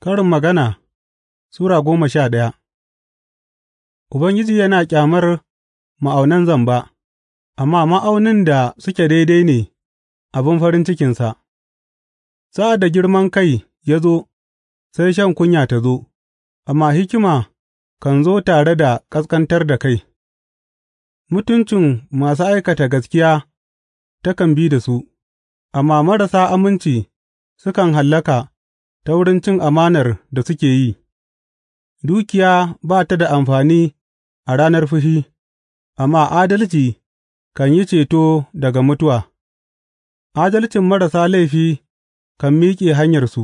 Karin Magana Sura goma sha daya Ubangiji yana ƙyamar ma'aunan zamba, amma ma'aunin da suke daidai ne abin farin cikinsa; sa'ad da girman kai ya zo, sai shan kunya ta zo, amma hikima kan zo tare da ƙasƙantar da kai; mutuncin masu aikata gaskiya takan bi da su, amma marasa aminci sukan hallaka. ta wurin cin amanar da suke yi, dukiya ba ta da amfani a ranar fushi, amma adalci kan yi ceto daga mutuwa, adalcin marasa laifi kan miƙe hanyarsu,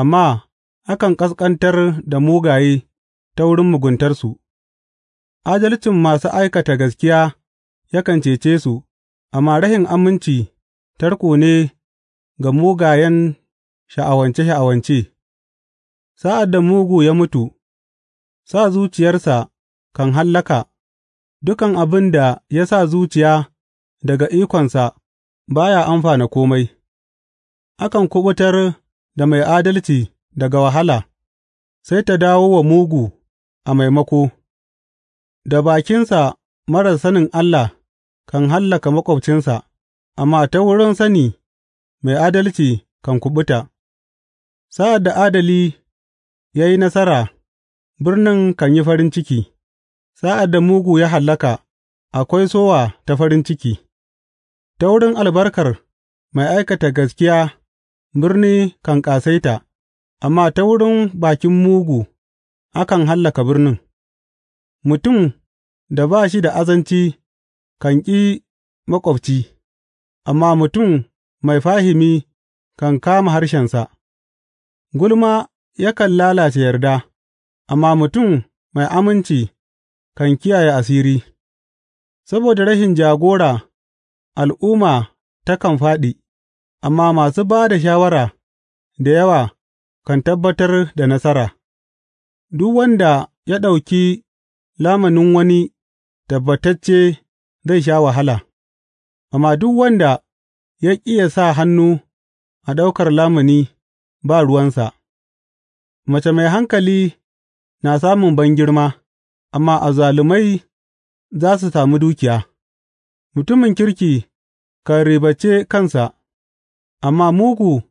amma akan ƙasƙantar da mugaye ta wurin muguntarsu. Adalcin masu aikata gaskiya yakan cece su, amma rahin aminci tarko ne ga mugayen Sha'awance-sha'awance. Sa'ad da mugu ya mutu, sa zuciyarsa kan hallaka; dukan abin da ya sa zuciya daga ikonsa ba ya amfana kome, akan kuɓutar da mai adalci daga wahala, sai ta dawo wa mugu a maimako; da bakinsa marar sanin Allah kan hallaka maƙwabcinsa, amma ta wurin sani mai adalci kan kuɓuta. Sa'ad da adali ya yi nasara, birnin kan yi farin ciki; sa'ad da mugu ya hallaka, akwai sowa ta farin ciki; ta wurin albarkar mai aikata gaskiya birni kan ƙasaita, amma ta wurin bakin mugu akan hallaka birnin; mutum da ba shi da azanci kan ƙi maƙwabci, amma mutum mai fahimi kan kama harshensa. Gulma yakan lalace yarda, amma mutum mai aminci kan kiyaye asiri; saboda rashin jagora al'umma takan fāɗi, amma masu ba da shawara da yawa kan tabbatar da nasara; duk wanda ya ɗauki lamunin wani tabbatacce zai sha wahala, amma duk wanda ya ƙi ya sa hannu a ɗaukar lamuni. ba ruwansa Mace mai hankali na samun bangirma, amma azzalumai za su sami dukiya; mutumin kirki kan ribace kansa, amma mugu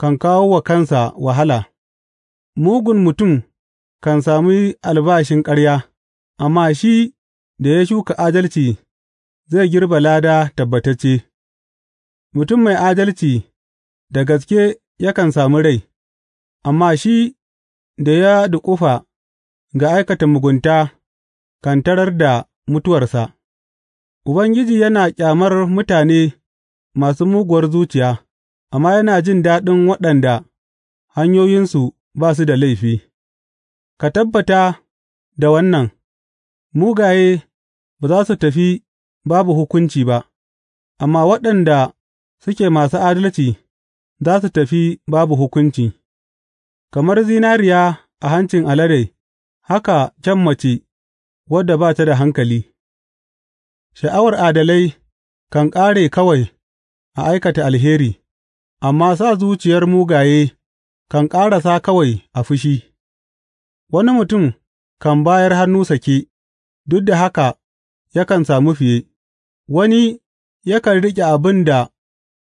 kan kawo wa kansa wahala; mugun mutum kan sami albashin ƙarya, amma shi da ya shuka adalci zai girbe lada tabbatacce; mutum mai adalci da gaske yakan sami rai, amma shi da ya duƙufa ga aikata mugunta kan tarar da mutuwarsa. Ubangiji yana ƙyamar mutane masu muguwar zuciya, amma yana jin daɗin waɗanda hanyoyinsu ba su da laifi. Ka tabbata da wannan, mugaye ba za su tafi babu hukunci ba, amma waɗanda suke masu adalci. za su tafi babu hukunci, kamar zinariya a hancin alade, haka kyan mace wadda ba ta da hankali, sha'awar adalai kan ƙare kawai a aikata alheri, amma sa zuciyar mugaye kan ƙarasa kawai a fushi, wani mutum kan bayar hannu sake, duk da haka yakan sami fiye, wani yakan riƙe abin da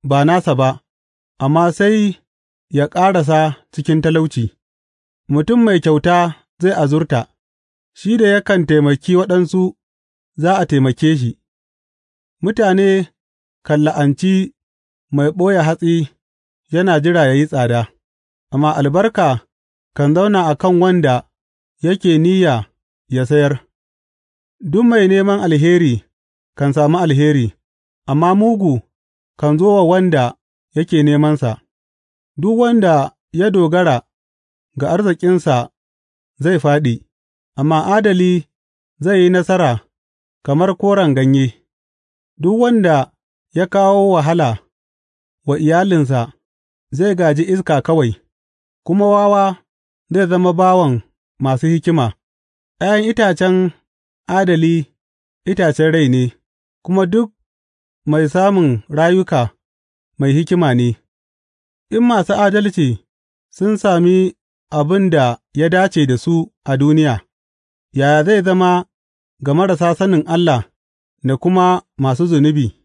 ba nasa ba. amma sai ya ƙarasa cikin talauci; mutum mai kyauta zai azurta, shi da yakan taimaki waɗansu za a taimake shi; mutane kan la'anci mai ɓoye hatsi yana jira ya yi tsada, amma albarka kan zauna a kan wanda yake niyya ya sayar; duk mai neman alheri kan sami alheri, amma mugu kan zo wa wanda yake nemansa, duk wanda ya dogara ga arzikinsa zai fāɗi, amma adali zai yi nasara kamar koren ganye; duk wanda ya kawo wahala wa iyalinsa zai gaji iska kawai, kuma wawa zai zama bawan masu hikima ’Ya'yan itacen adali itacen rai ne, kuma duk mai samun rayuka. mai hikima ne, in masu adalci sun sami abin da ya dace da su a duniya, yaya zai zama ga marasa sanin Allah da kuma masu zunubi!